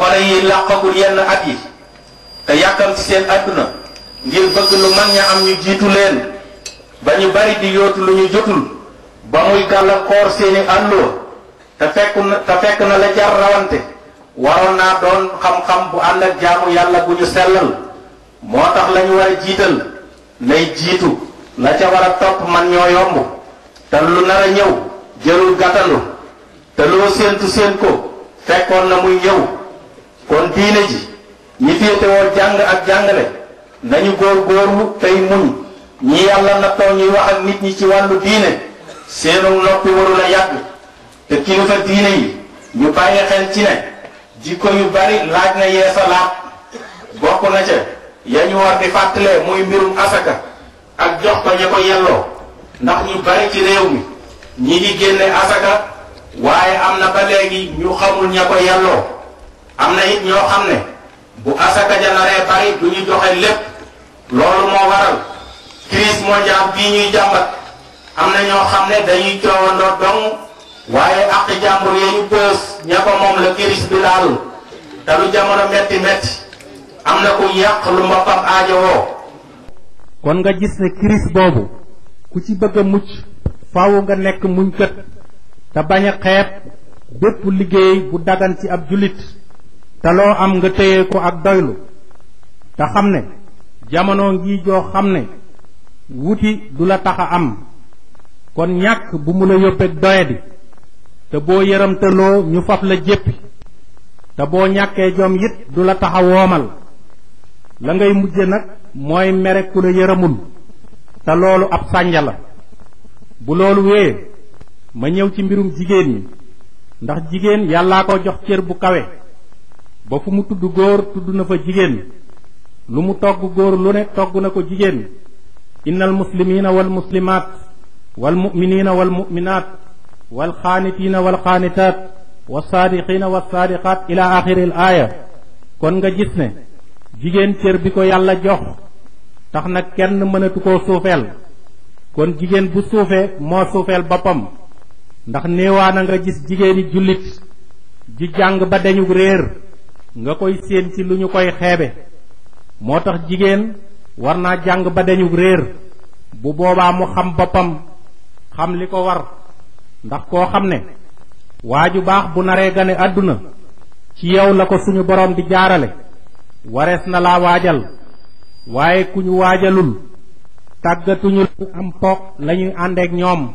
xale yi làqagul yenn at yi te yàkkam ci seen àdduna ngir bëgg lu mag ña am ñu jiitu leen ba ñu bari di yootu lu ñu jotul ba muy gàllankoor seeni àlloo te fekk na te fekk na la jar rawante waroon naa doon xam-xam bu ànd ak jaamu yàlla bu ñu sellal moo tax lañu ñu war a jiital nay jiitu na ca war topp man ñoo yomb te lu nar a ñëw jëlul gàttandu te loo séentu séen ko fekkoon na muy ñëw kon diine ji ñi féete jàng ak jàngale nañu góor góorlu tey muñ ñi yàlla nattoo ñuy wax ak nit ñi ci wàllu diine seenu noppi warul a yàgg te kilifa diine yi ñu bàyyi xel ci ne jikko yu bari laaj na yeesalaat bokk na ca ya ñu war di fàttalee muy mbirum asaka ak jox ko ña ko yelloo ndax ñu bari ci réew mi ñi ngi génne asaka waaye am na ba léegi ñu xamul ña ko yelloo am na it ñoo xam ne bu asaka ja naree bari du ñu joxe lépp loolu moo waral crise mondiale bii ñuy jàmbat am na ñoo xam ne dañuy coowandoo dong waaye ak jàmbur ya bës ña ko moom la crise bi laalul te lu jamono metti metti am na ku yàq lu mboppam aajowoo kon nga gis ne crise boobu ku ci bëgg a mucc faaw nga nekk muñ te bañ a xeeb bépp liggéey bu dagan ci ab jullit te loo am nga téye ko ak doylu te xam ne jamono ngi joo xam ne wuti du la tax a am kon ñàkk bu mu la yóbbeeg doyadi te boo yëramtaloo ñu faf la jéppi te boo ñàkkee jom it du la tax a woomal la ngay mujje nag mooy mere ku la yëramul te loolu ab sànja la bu loolu wee ma ñëw ci mbirum jigéen ñi ndax jigéen yàllaa ko jox cër bu kawe ba fu mu tudd góor tudd na fa jigéen lu mu togg góor lu ne togg na ko jigéen inna al muslimina wal muslimat wal muminina wal muminat wal xaanitina wal xaanitat wa saadiqina wa saadiqat ila aaya kon nga gis ne jigéen cër bi ko yàlla jox tax na kenn mënatu ko suufeel kon jigéen bu suufee moo suufeel boppam ndax néewaa na nga gis jigéeni jullit ji jàng ba dañu réer nga koy séen ci lu ñu koy xeebe moo tax jigéen war naa jàng ba dañu réer bu boobaa mu xam boppam xam li ko war ndax koo xam ne waa ju baax bu naree gane àdduna ci yow la ko suñu boroom di jaarale warees na laa waajal waaye ku ñu waajalul tàggatuñu am poog lañuy àndeek ñoom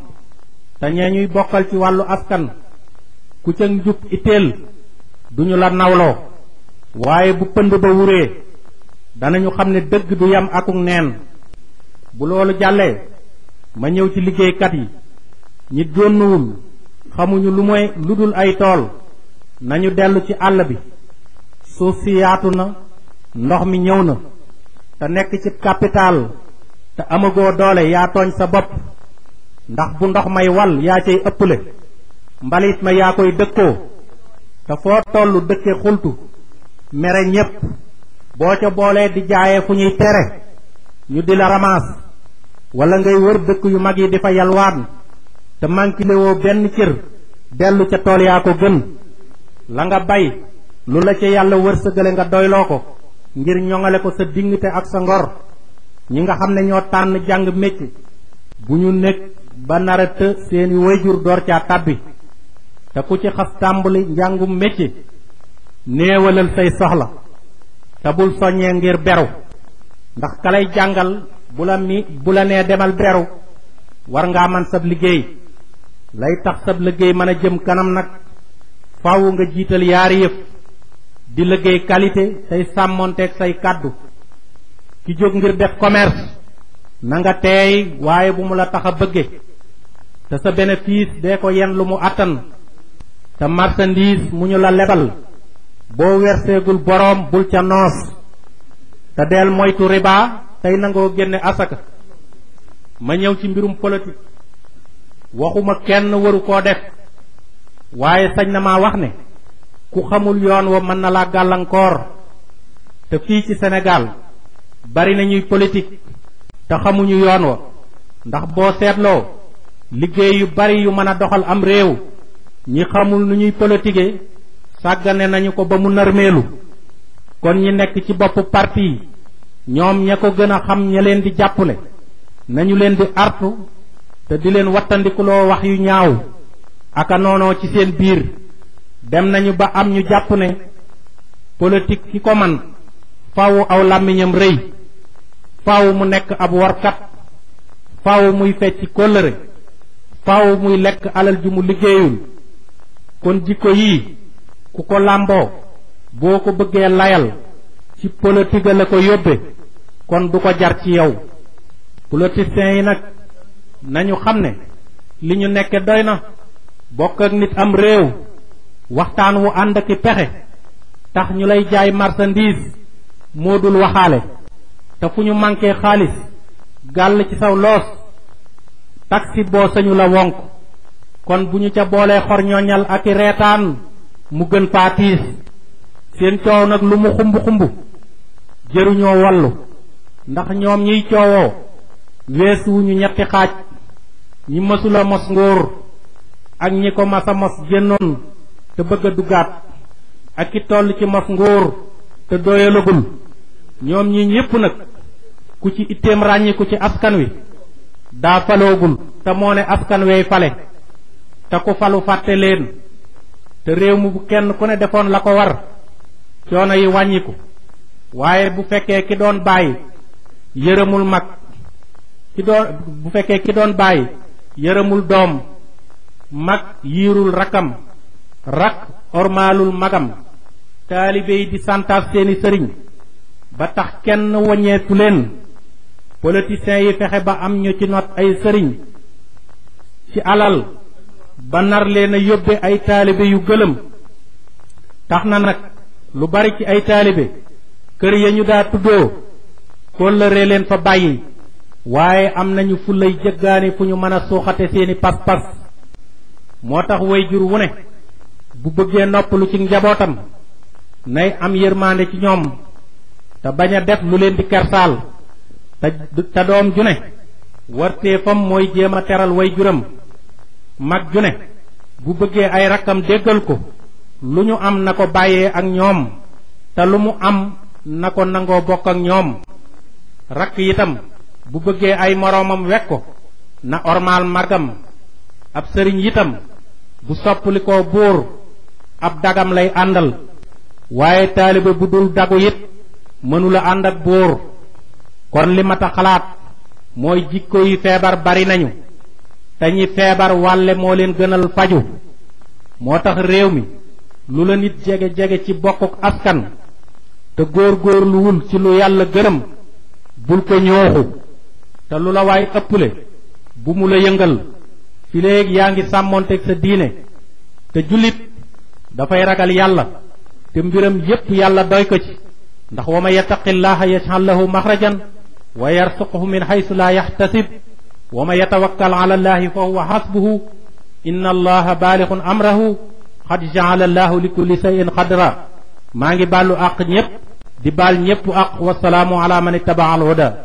te ñee ñuy bokkal ci wàllu askan ku ca njub itteel duñu la nawloo waaye bu pënd ba wuree danañu xam ne dëgg du yam akuk neen bu loolu jàllee ma ñëw ci liggéeykat yi ñi génnuwul xamuñu lu mooy lu dul ay tool nañu dellu ci àll bi suuf si yaatu na ndox mi ñëw na te nekk ci capital te amagoo doole yaa tooñ sa bopp ndax bu ndox may wal yaa cay ëpple mbalit ma yaa koy dëkkoo te foo tollu dëkke xultu mere ñépp boo ca boolee di jaayee fu ñuy tere ñu di la ramaas wala ngay wër dëkk yu mag yi di fa yalwaan te mànkilewoo benn cër dellu ca tool yaa ko gën la nga bay lu la ca yàlla wërsëgale nga doyloo ko ngir ñoŋale ko sa dignité ak sa ngor ñi nga xam ne ñoo tànn jàng mécc bu ñu nekk ba nara të seeni wayjur door caa tàbbi te ku ci xas tàmbali njàngum mécc néewalal say soxla te bul soññee ngir beru ndax ka jàngal bu la mi bu la nee demal beru war nga man sab liggéey lay tax sab liggéey mën a jëm kanam nag faaw nga jiital yaari yëpp di liggéey qualité say sàmmonteeg say kàddu ki jóg ngir def commerce na nga teey waaye bu mu la tax a bëgge te sa bénéfice dee ko yen lu mu àttan te marchandise mu ñu la lebal boo werseegul boroom bul ca noos te deel moytu riba tey nangoo génne asaka ma ñëw ci mbirum politique waxuma kenn waru koo def waaye sañ na ma wax ne ku xamul yoon wa mën na laa gàllankoor te fii ci Sénégal bari nañuy politique te xamuñu yoon wa ndax boo seetloo liggéey yu bari yu mën a doxal am réew ñi xamul nu ñuy politiquer sàggane nañu ko ba mu narmeelu kon ñi nekk ci bopp parti yi ñoom ña ko gën a xam ña leen di jàppule nañu leen di artu te di leen wattandikuloo wax yu ñaaw aka noonoo ci seen biir dem nañu ba am ñu jàpp ne politique ki ko man faw aw làmmiñam rëy faw mu nekk ab warkat faw muy fecc kóllëre faw muy lekk alal ju mu liggéeyul kon jikko yii ku ko làmboo boo ko bëggee layal ci politique la ko yóbbe kon du ko jar ci yow politiciens yi nag nañu xam ne li ñu nekke doy na bokk ak nit am réew waxtaan wu ànd ak i pexe tax ñu lay jaay marchandise moo dul waxaale te fu ñu manqué xaalis gàll ci saw loos taxi boo sañu la wonk kon bu ñu ca boolee xor ñooñal ak i reetaan mu gën faa seen coow nag lu mu xumb xumb jëruñoo wallu ndax ñoom ñiy coowoo weesuwuñu ñetti xaaj ñi mësula mos ngóor ak ñi ko mas a mos génnoon te bëgg duggaat ak ki toll ci mos ngóor te doyalagul ñoom ñi ñépp nag ku ci itteem ràññiku ci askan wi daa faloogul te moo ne askan wey fale te ku falu fàtte leen te réew mi bu kenn ku ne defoon la ko war coono yi wàññiku waaye bu fekkee ki doon bàyyi yërëmul mag ki doon bu fekkee ki doon bàyyi yërëmul doom mag yiirul rakkam rak ormaalul magam taalibe yi di santaaf seeni sëriñ ba tax kenn waññeetu leen politiciens yi fexe ba am ñu ci not ay sëriñ ci alal ba nar leen a yóbbe ay taalibe yu gëlëm tax na nag lu bari ci ay taalibe kër ya ñu daa tuddoo kóllëre leen fa bàyyi waaye am nañu fu jëggaani fu ñu mën a suuxate seeni pas-pas moo tax way jur wu ne bu bëggee noppalu ci njabootam nay am yërmaande ci ñoom te bañ a def lu leen di kersaal te te doom ju ne warteefam mooy jéem a teral way juram mag ju ne bu bëggee ay rakkam déggal ko lu ñu am na ko bàyyee ak ñoom te lu mu am na ko nangoo bokk ak ñoom rakk yitam bu bëggee ay moroomam wek ko na ormaal magam ab sëriñ yitam bu soppali koo buur ab dagam lay àndal waaye taalibe bu dul dagu it mënula ànd ak buur kon li mata xalaat mooy jikko yi feebar bari nañu te ñi feebar wàlle moo leen gënal faju moo tax réew mi lu la nit jege-jege ci bokku askan te góor-góorluwul ci lu yàlla gërëm bul ko ñooxu te lu la waay ëpple bu mu la yëngal fi léegi yaa ngi sàmmonteeg sa diine te jullit dafay ragal yàlla te mbiram yépp yàlla doy ko ci ndax wa man yattaqillaha yaj'al lahu maxrajan wa yarsuqhu min haysu laa yaxtasib wa man yatawakkal ala llahi fa huwa xasbuhu inna allaha baalixun amrahu xad jaala allahu li kulli shay'in qadra maa ngi baalu àq ñépp di baal ñépp àq wasalaamu ala man ittabaa al huda